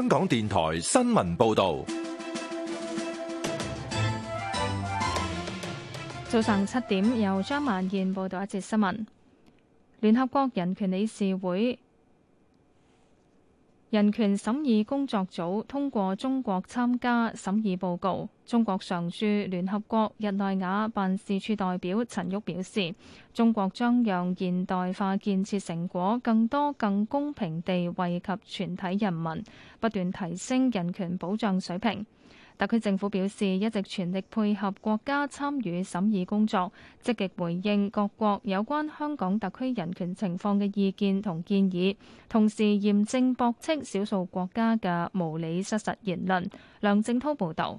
香港電台新聞報道，早上七點由張曼健報道一節新聞。聯合國人權理事會。人權審議工作組通過中國參加審議報告。中國常駐聯合國日內瓦辦事處代表陳旭表示，中國將讓現代化建設成果更多、更公平地惠及全體人民，不斷提升人權保障水平。特區政府表示，一直全力配合國家參與審議工作，積極回應各國有關香港特區人權情況嘅意見同建議，同時嚴正駁斥少數國家嘅無理失實言論。梁正濤報道。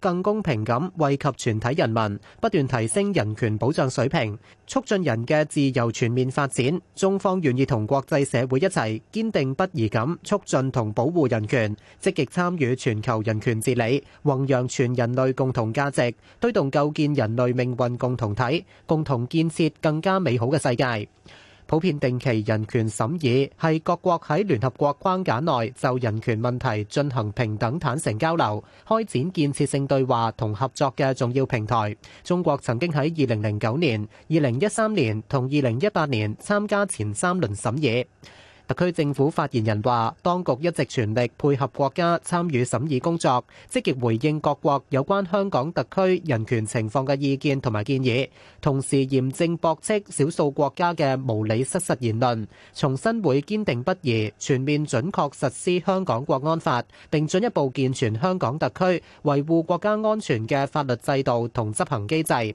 更公平咁惠及全體人民，不斷提升人權保障水平，促進人嘅自由全面發展。中方願意同國際社會一齊堅定不移咁促進同保護人權，積極參與全球人權治理，弘揚全人類共同價值，推動構建人類命運共同體，共同建設更加美好嘅世界。普遍定期人權審議，係各國喺聯合國框架內就人權問題進行平等坦誠交流、開展建設性對話同合作嘅重要平台。中國曾經喺二零零九年、二零一三年同二零一八年參加前三輪審議。特區政府發言人話，當局一直全力配合國家參與審議工作，積極回應各國有關香港特區人權情況嘅意見同埋建議，同時嚴正駁斥少數國家的無理失實言論，重申會堅定不移，全面準確實施香港國安法，並進一步健全香港特區，維護國家安全嘅法律制度同執行機制。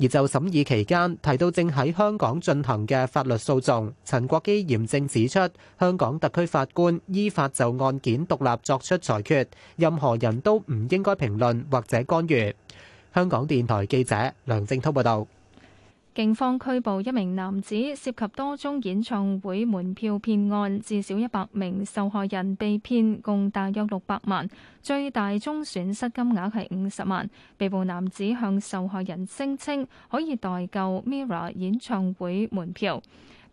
而就審議期間提到正喺香港進行嘅法律訴訟，陳國基嚴正指出，香港特區法官依法就案件獨立作出裁決，任何人都唔應該評論或者干預。香港電台記者梁正滔報道。警方拘捕一名男子，涉及多宗演唱會門票騙案，至少一百名受害人被騙，共大約六百萬，最大宗損失金額係五十萬，被捕男子向受害人聲稱可以代購 MIRROR 演唱會門票。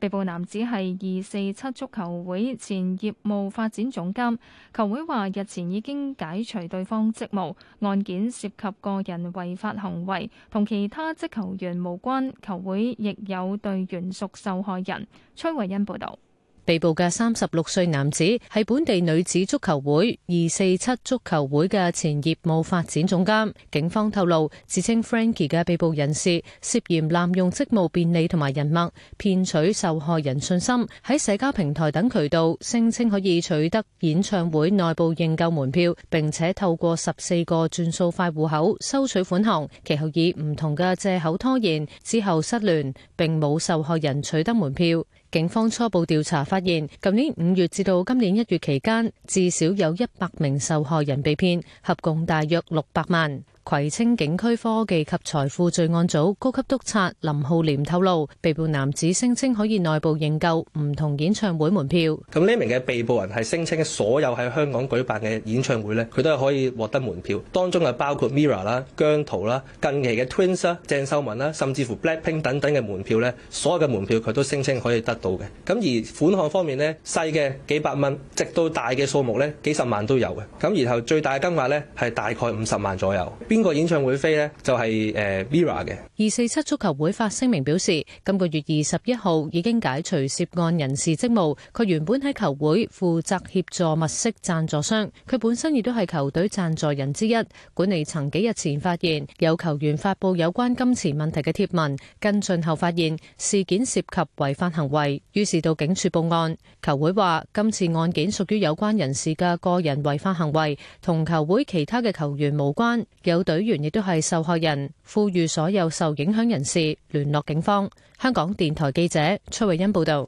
被捕男子係二四七足球會前業務發展總監，球會話日前已經解除對方職務，案件涉及個人違法行為，同其他職球員無關，球會亦有隊員屬受害人。崔慧欣報道。被捕嘅三十六歲男子係本地女子足球會二四七足球會嘅前業務發展總監。警方透露，自稱 Frankie 嘅被捕人士涉嫌濫用職務便利同埋人脈，騙取受害人信心，喺社交平台等渠道聲稱可以取得演唱會內部認購門票，並且透過十四個轉數快戶口收取款項，其後以唔同嘅借口拖延，之後失聯，並冇受害人取得門票。警方初步調查發現，舊年五月至到今年一月期間，至少有一百名受害人被騙，合共大約六百萬。葵青警區科技及財富罪案組高級督察林浩廉透露，被捕男子聲稱可以內部認購唔同演唱會門票。咁呢名嘅被捕人係聲稱所有喺香港舉辦嘅演唱會呢，佢都係可以獲得門票，當中就包括 Mirror 啦、姜濤啦、近期嘅 Twins 啦、鄭秀文啦，甚至乎 Blackpink 等等嘅門票呢，所有嘅門票佢都聲稱可以得到嘅。咁而款項方面呢，細嘅幾百蚊，直到大嘅數目呢，幾十萬都有嘅。咁然後最大嘅金額呢，係大概五十萬左右。邊個演唱會飛呢？就係誒 Vira 嘅。二四七足球會發聲明表示，今個月二十一號已經解除涉案人士職務。佢原本喺球會負責協助物色讚助商，佢本身亦都係球隊讚助人之一。管理層幾日前發現有球員發布有關金錢問題嘅貼文，跟進後發現事件涉及違法行為，於是到警署報案。球會話今次案件屬於有關人士嘅個人違法行為，同球會其他嘅球員無關。有隊員亦都係受害人，呼籲所有受影響人士聯絡警方。香港電台記者崔慧欣報道。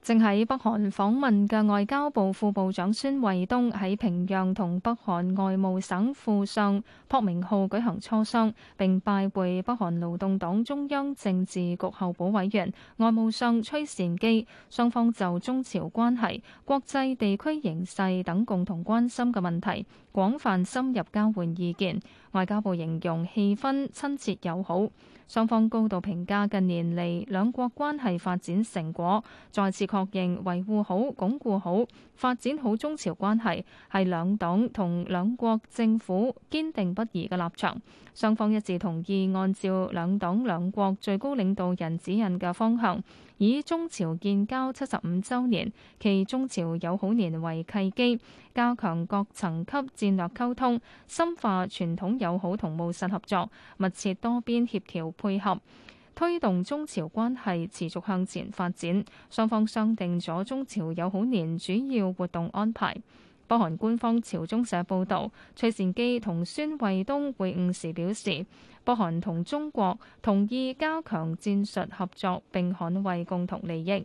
正喺北韓訪問嘅外交部副部長孫衛東喺平壤同北韓外務省副相朴明浩舉行磋商，並拜會北韓勞動黨中央政治局候補委員外務相崔善基。雙方就中朝關係、國際地區形勢等共同關心嘅問題，廣泛深入交換意見。外交部形容氣氛親切友好，雙方高度評價近年嚟兩國關係發展成果，再次確認維護好、鞏固好、發展好中朝關係，係兩黨同兩國政府堅定不移嘅立場，雙方一致同意按照兩黨兩國最高領導人指引嘅方向。以中朝建交七十五周年暨中朝友好年為契機，加強各層級戰略溝通，深化傳統友好同務實合作，密切多邊協調配合，推動中朝關係持續向前發展。雙方商定咗中朝友好年主要活動安排。北韓官方朝中社報導，崔善姬同孫衛東會晤時表示，北韓同中國同意加強戰術合作，並捍衛共同利益。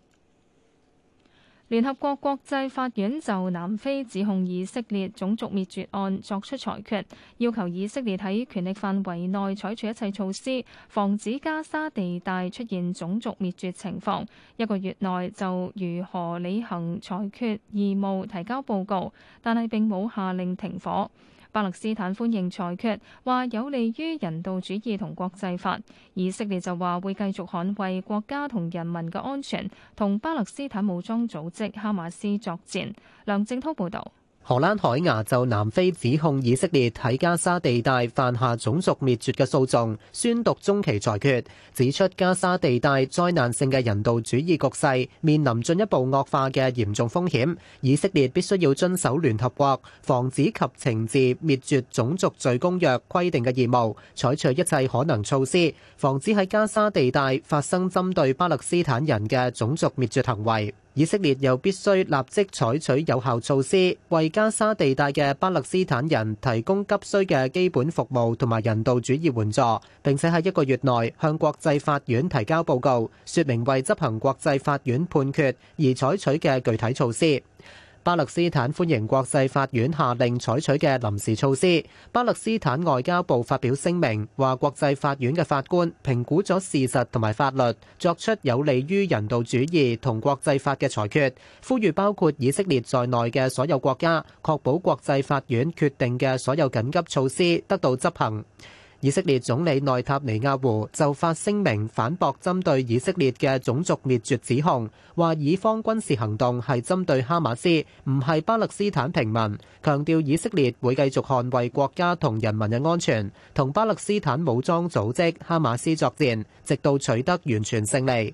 聯合國國際法院就南非指控以色列種族滅絕案作出裁決，要求以色列喺權力範圍內採取一切措施，防止加沙地帶出現種族滅絕情況，一個月內就如何履行裁決義務提交報告，但係並冇下令停火。巴勒斯坦歡迎裁決，話有利於人道主義同國際法。以色列就話會繼續捍衞國家同人民嘅安全，同巴勒斯坦武裝組織哈馬斯作戰。梁正滔報導。荷蘭海牙就南非指控以色列喺加沙地帶犯下種族滅絕嘅訴訟，宣讀中期裁決，指出加沙地帶災難性嘅人道主義局勢面臨進一步惡化嘅嚴重風險，以色列必須要遵守聯合國防止及懲治滅絕種族罪公約規定嘅義務，採取一切可能措施，防止喺加沙地帶發生針對巴勒斯坦人嘅種族滅絕行為。以色列又必須立即採取有效措施，為加沙地帶嘅巴勒斯坦人提供急需嘅基本服務同埋人道主義援助，並且喺一個月內向國際法院提交報告，說明為執行國際法院判決而採取嘅具體措施。巴勒斯坦歡迎國際法院下令採取嘅臨時措施。巴勒斯坦外交部發表聲明，話國際法院嘅法官評估咗事實同埋法律，作出有利於人道主義同國際法嘅裁決，呼籲包括以色列在內嘅所有國家確保國際法院決定嘅所有緊急措施得到執行。以色列總理內塔尼亞胡就發聲明反駁針對以色列嘅種族滅絕指控，話以方軍事行動係針對哈馬斯，唔係巴勒斯坦平民，強調以色列會繼續捍衛國家同人民嘅安全，同巴勒斯坦武裝組織哈馬斯作戰，直到取得完全勝利。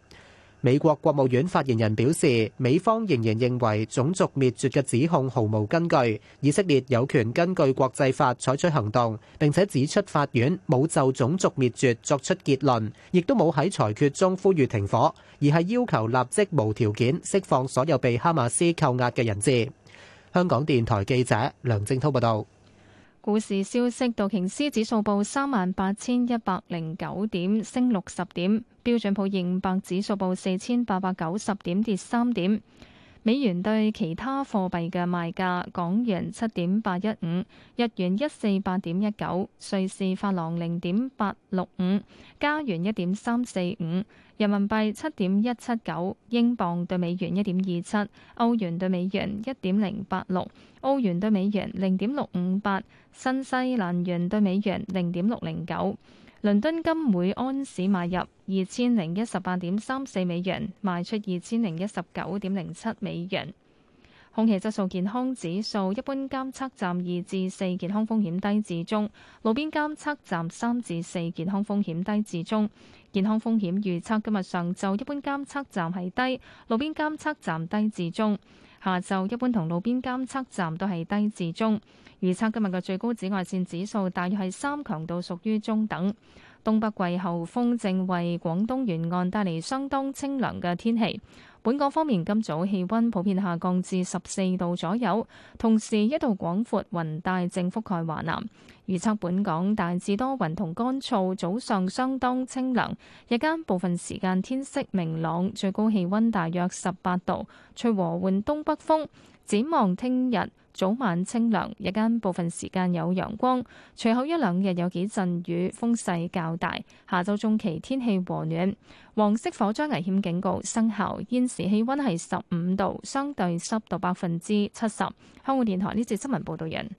美國國務院發言人表示，美方仍然認為種族滅絕嘅指控毫無根據。以色列有權根據國際法採取行動，並且指出法院冇就種族滅絕作出結論，亦都冇喺裁決中呼籲停火，而係要求立即無條件釋放所有被哈馬斯扣押嘅人質。香港電台記者梁正滔報道。股市消息：道瓊斯指數報三萬八千一百零九點，升六十點，標準普爾五百指數報四千八百九十點，跌三點。美元對其他貨幣嘅賣價：港元七點八一五，日元一四八點一九，瑞士法郎零點八六五，加元一點三四五，人民幣七點一七九，英鎊對美元一點二七，歐元對美元一點零八六，澳元對美元零點六五八，新西蘭元對美元零點六零九。倫敦金每安士買入二千零一十八點三四美元，賣出二千零一十九點零七美元。空氣質素健康指數一般監測站二至四，健康風險低至中；路邊監測站三至四，健康風險低至中。健康風險預測今日上晝一般監測站係低，路邊監測站低至中。下晝一般同路邊監測站都係低至中。預測今日嘅最高紫外線指數大約係三強度，屬於中等。東北季候風正為廣東沿岸帶嚟相當清涼嘅天氣。本港方面，今早氣溫普遍下降至十四度左右，同時一道廣闊雲帶正覆蓋華南。預測本港大致多雲同乾燥，早上相當清涼，日間部分時間天色明朗，最高氣溫大約十八度，吹和緩東北風。展望聽日早晚清涼，日間部分時間有陽光。隨後一兩日有幾陣雨，風勢較大。下周中期天氣和暖。黃色火災危險警告生效，現時氣溫係十五度，相對濕度百分之七十。香港電台呢節新聞報道人。